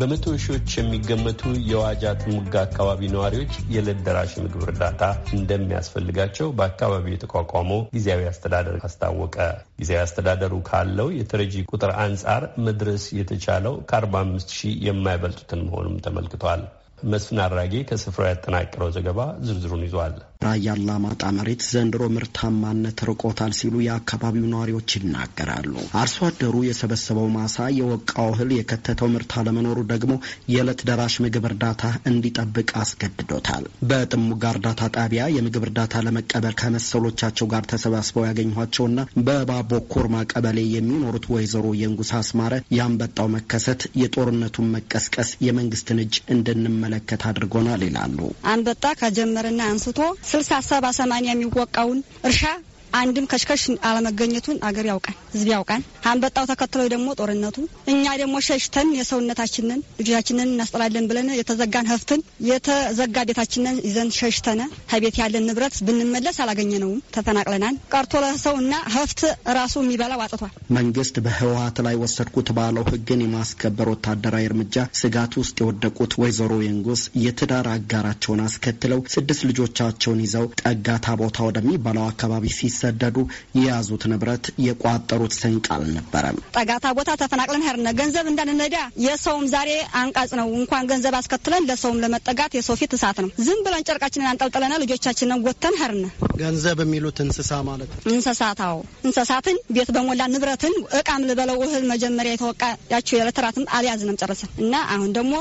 በመቶ ሺዎች የሚገመቱ የዋጃ ጥሙጋ አካባቢ ነዋሪዎች የዕለት ደራሽ ምግብ እርዳታ እንደሚያስፈልጋቸው በአካባቢው የተቋቋመው ጊዜያዊ አስተዳደር አስታወቀ። ጊዜያዊ አስተዳደሩ ካለው የተረጂ ቁጥር አንጻር መድረስ የተቻለው ከ45 ሺህ የማይበልጡትን መሆኑም ተመልክቷል። መስፍን አራጌ ከስፍራው ያጠናቀረው ዘገባ ዝርዝሩን ይዟል። ራያ አላማጣ መሬት ዘንድሮ ምርታማነት ርቆታል ሲሉ የአካባቢው ነዋሪዎች ይናገራሉ። አርሶ አደሩ የሰበሰበው ማሳ የወቃው እህል የከተተው ምርት አለመኖሩ ደግሞ የዕለት ደራሽ ምግብ እርዳታ እንዲጠብቅ አስገድዶታል። በጥሙጋ እርዳታ ጣቢያ የምግብ እርዳታ ለመቀበል ከመሰሎቻቸው ጋር ተሰባስበው ያገኟቸውና በባቦ ኮርማ ቀበሌ የሚኖሩት ወይዘሮ የንጉስ አስማረ የአንበጣው መከሰት የጦርነቱን መቀስቀስ የመንግስትን እጅ እንድንመለከት አድርጎናል ይላሉ። አንበጣ ከጀመረና አንስቶ ስልሳ ሰባ ሰማንያ የሚወቃውን እርሻ አንድም ከሽከሽ አለመገኘቱን አገር ያውቃል፣ ህዝብ ያውቃል። አንበጣው ተከትሎ ደግሞ ጦርነቱ እኛ ደግሞ ሸሽተን የሰውነታችንን ልጆቻችንን እናስጠላለን ብለን የተዘጋን ሀብትን የተዘጋ ቤታችንን ይዘን ሸሽተነ ከቤት ያለን ንብረት ብንመለስ አላገኘነውም፣ ተፈናቅለናል። ቀርቶ ለሰውና ህፍት ራሱ የሚበላው አጥቷል። መንግስት በህወሀት ላይ ወሰድኩት ባለው ህግን የማስከበር ወታደራዊ እርምጃ ስጋት ውስጥ የወደቁት ወይዘሮ የንጉስ የትዳር አጋራቸውን አስከትለው ስድስት ልጆቻቸውን ይዘው ጠጋታ ቦታ ወደሚባለው አካባቢ ሲስ ሲሰደዱ የያዙት ንብረት የቋጠሩት ስንቅ አልነበረም። ጠጋታ ቦታ ተፈናቅለን ሄርነ ገንዘብ እንዳንነዳ የሰውም ዛሬ አንቃጽ ነው። እንኳን ገንዘብ አስከትለን ለሰውም ለመጠጋት የሰው ፊት እሳት ነው። ዝም ብለን ጨርቃችንን አንጠልጥለና ልጆቻችንን ጎተን ሄርነ። ገንዘብ የሚሉት እንስሳ ማለት ነው። እንስሳት አዎ፣ እንስሳትን ቤት በሞላ ንብረትን እቃም ልበለው እህል መጀመሪያ ያቸው የለተራትም አልያዝንም ጨረሰን እና አሁን ደግሞ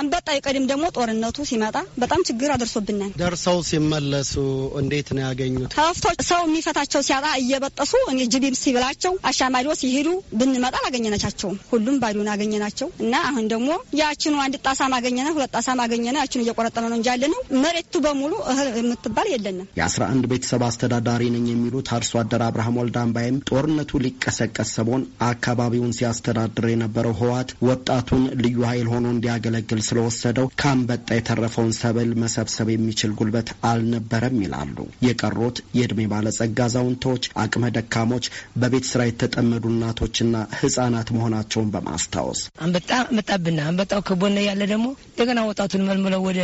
አንበጣ የቀድም ደግሞ ጦርነቱ ሲመጣ በጣም ችግር አደርሶብናል። ደርሰው ሲመለሱ እንዴት ነው ያገኙት? ከፍቶ ሰው የሚፈ ጫታቸው ሲያጣ እየበጠሱ እኔ ጅቢም ሲብላቸው አሻማሪዎ ሲሄዱ ብንመጣ አላገኘናቻቸውም። ሁሉም ባዶን አገኘናቸው እና አሁን ደግሞ ያችኑ አንድ ጣሳም አገኘና ሁለት ጣሳም አገኘና ያችኑ እየቆረጠነ ነው እንጂ ያለነው መሬቱ በሙሉ እህል የምትባል የለንም። የአስራ አንድ ቤተሰብ አስተዳዳሪ ነኝ የሚሉት አርሶ አደር አብርሃም ወልዳምባይም ጦርነቱ ሊቀሰቀስ ሰሞን አካባቢውን ሲያስተዳድር የነበረው ህወሓት ወጣቱን ልዩ ኃይል ሆኖ እንዲያገለግል ስለወሰደው ከአንበጣ የተረፈውን ሰብል መሰብሰብ የሚችል ጉልበት አልነበረም ይላሉ። የቀሩት የእድሜ ባለጸጋ አዛውንቶች፣ አቅመ ደካሞች፣ በቤት ስራ የተጠመዱ እናቶችና ህጻናት መሆናቸውን በማስታወስ አንበጣ መጣብና አንበጣው ከቦነ ያለ ደግሞ እንደገና ወጣቱን መልምለው ወደ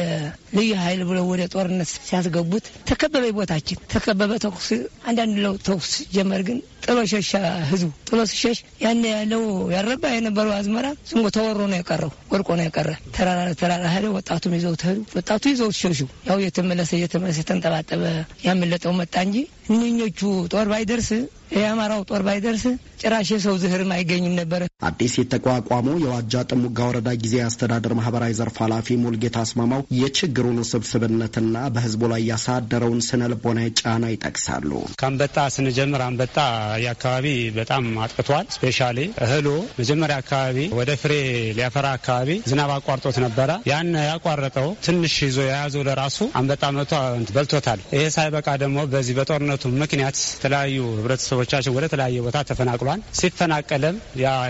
ልዩ ኃይል ብለው ወደ ጦርነት ሲያስገቡት ተከበበ ቦታችን ተከበበ። ተኩስ አንዳንድ ለው ተኩስ ጀመር። ግን ጥሎ ሸሻ ህዝቡ ጥሎ ሲሸሽ ያን ያለው ያረባ የነበረው አዝመራ ዝም ተወሮ ነው የቀረው፣ ወርቆ ነው የቀረ። ተራራ ተራራ ሄደ። ወጣቱም ይዘውት ሄዱ። ወጣቱ ይዘውት ሸሹ። ያው እየተመለሰ እየተመለሰ የተንጠባጠበ ያመለጠው መጣ እንጂ እነኞቹ ጦር ባይደርስ የአማራው ጦር ባይደርስ ጭራሽ የሰው ዝህርም አይገኝም ነበረ። አዲስ የተቋቋመው የዋጃ ጥሙጋ ወረዳ ጊዜ አስተዳደር ማህበራዊ ዘርፍ ኃላፊ ሙልጌታ አስማማው የችግሩን ውስብስብነትና በህዝቡ ላይ ያሳደረውን ስነ ልቦናዊ ጫና ይጠቅሳሉ። ከአንበጣ ስንጀምር አንበጣ የአካባቢ በጣም አጥቅቷል። ስፔሻሊ እህሎ መጀመሪያ አካባቢ ወደ ፍሬ ሊያፈራ አካባቢ ዝናብ አቋርጦት ነበረ። ያን ያቋረጠው ትንሽ ይዞ የያዘው ለራሱ አንበጣ መቶ በልቶታል። ይህ ሳይበቃ ደግሞ በዚህ በጦርነቱ ምክንያት የተለያዩ ህብረተሰቦች ቤተሰቦቻችን ወደ ተለያየ ቦታ ተፈናቅሏል። ሲፈናቀልም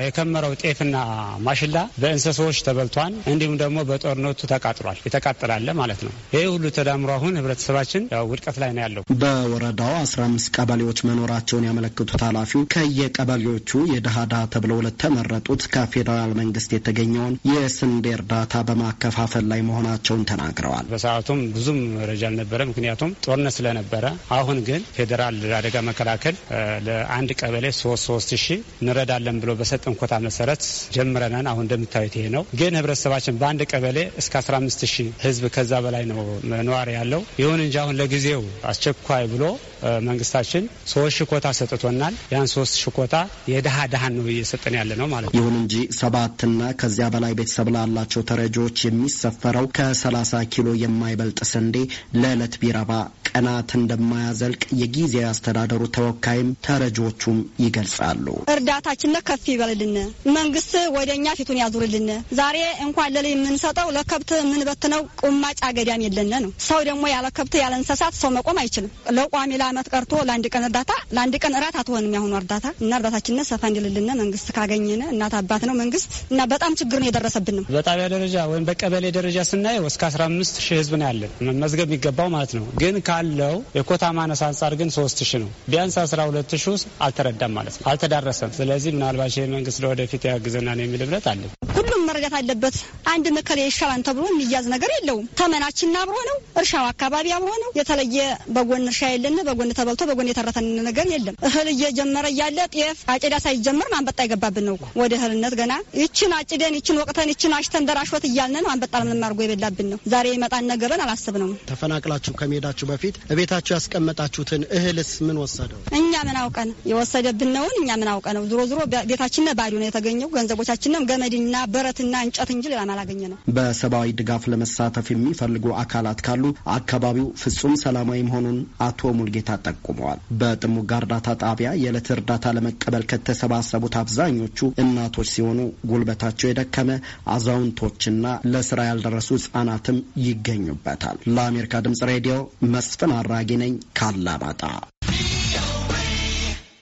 የከመረው ጤፍና ማሽላ በእንስሶች ተበልቷል። እንዲሁም ደግሞ በጦርነቱ ተቃጥሏል። የተቃጠላለ ማለት ነው። ይህ ሁሉ ተዳምሮ አሁን ህብረተሰባችን ውድቀት ላይ ነው ያለው። በወረዳው 15 ቀበሌዎች መኖራቸውን ያመለክቱት ኃላፊው ከየቀበሌዎቹ የድሃ ድሃ ተብለው ለተመረጡት ከፌዴራል መንግስት የተገኘውን የስንዴ እርዳታ በማከፋፈል ላይ መሆናቸውን ተናግረዋል። በሰዓቱም ብዙም መረጃ አልነበረ፣ ምክንያቱም ጦርነት ስለነበረ። አሁን ግን ፌዴራል አደጋ መከላከል ለአንድ ቀበሌ ሶስት ሶስት ሺ እንረዳለን ብሎ በሰጠን ኮታ መሰረት ጀምረናል። አሁን እንደምታዩት ይሄ ነው። ግን ህብረተሰባችን በአንድ ቀበሌ እስከ 15 ሺ ህዝብ ከዛ በላይ ነው ነዋሪ ያለው። ይሁን እንጂ አሁን ለጊዜው አስቸኳይ ብሎ መንግስታችን ሶስት ሺ ኮታ ሰጥቶናል። ያን ሶስት ሺ ኮታ የድሃ ድሃን ነው እየሰጠን ያለ ነው ማለት ነው። ይሁን እንጂ ሰባትና ከዚያ በላይ ቤተሰብ ላላቸው ተረጂዎች የሚሰፈረው ከሰላሳ ኪሎ የማይበልጥ ስንዴ ለዕለት ቢረባ ቀናት እንደማያዘልቅ የጊዜያዊ አስተዳደሩ ተወካይም ተረጆቹም ይገልጻሉ። እርዳታችን ከፍ ይበልልን፣ መንግስት ወደኛ ፊቱን ያዙርልን። ዛሬ እንኳን ለል የምንሰጠው ለከብት የምንበትነው ቁማጭ አገዳም የለን ነው። ሰው ደግሞ ያለ ከብት ያለ እንስሳት ሰው መቆም አይችልም። ለቋሚ ለአመት ቀርቶ ለአንድ ቀን እርዳታ ለአንድ ቀን እራት አትሆንም ያሁኑ እርዳታ እና እርዳታችንን ሰፋ እንዲልልን መንግስት ካገኘን እናት አባት ነው መንግስት እና በጣም ችግር ነው የደረሰብንም። በጣቢያ ደረጃ ወይም በቀበሌ ደረጃ ስናየው እስከ 15 ሺህ ህዝብ ነው ያለን መመዝገብ የሚገባው ማለት ነው። ግን ካለው የኮታ ማነስ አንጻር ግን 3 ሺህ ነው ቢያንስ 12 ፍትሹ አልተረዳም ማለት ነው፣ አልተዳረሰም። ስለዚህ ምናልባት ይህ መንግስት ለወደፊት ያግዘናል የሚል እምነት አለን። መረዳት አለበት። አንድ ምክር ይሻላል ተብሎ የሚያዝ ነገር የለውም። ተመናችን አብሮ ነው፣ እርሻው አካባቢ አብሮ ነው። የተለየ በጎን እርሻ የለን፣ በጎን ተበልቶ በጎን የተረተን ነገር የለም። እህል እየጀመረ እያለ ጤፍ አጭዳ ሳይጀምር ማንበጣ የገባብን ነው ወደ እህልነት ገና። ይችን አጭደን ይችን ወቅተን ይችን አሽተን ደራሾት እያልን ነው አንበጣ ምንም አድርጎ የበላብን ነው። ዛሬ የመጣን ነገርን አላስብ ነው። ተፈናቅላችሁ ከመሄዳችሁ በፊት እቤታችሁ ያስቀመጣችሁትን እህልስ ምን ወሰደው? እኛ ምን አውቀን የወሰደብን ነውን? እኛ ምን አውቀ ነው። ዞሮ ዞሮ ቤታችን ባዶ ነው የተገኘው። ገንዘቦቻችንም ገመድና በረት ብረትና እንጨት እንጂ ሌላን አላገኘ ነው። በሰብአዊ ድጋፍ ለመሳተፍ የሚፈልጉ አካላት ካሉ አካባቢው ፍጹም ሰላማዊ መሆኑን አቶ ሙልጌታ ጠቁመዋል። በጥሙጋ እርዳታ ጣቢያ የዕለት እርዳታ ለመቀበል ከተሰባሰቡት አብዛኞቹ እናቶች ሲሆኑ ጉልበታቸው የደከመ አዛውንቶችና ለስራ ያልደረሱ ህጻናትም ይገኙበታል። ለአሜሪካ ድምጽ ሬዲዮ መስፍን አራጊ ነኝ ካላማጣ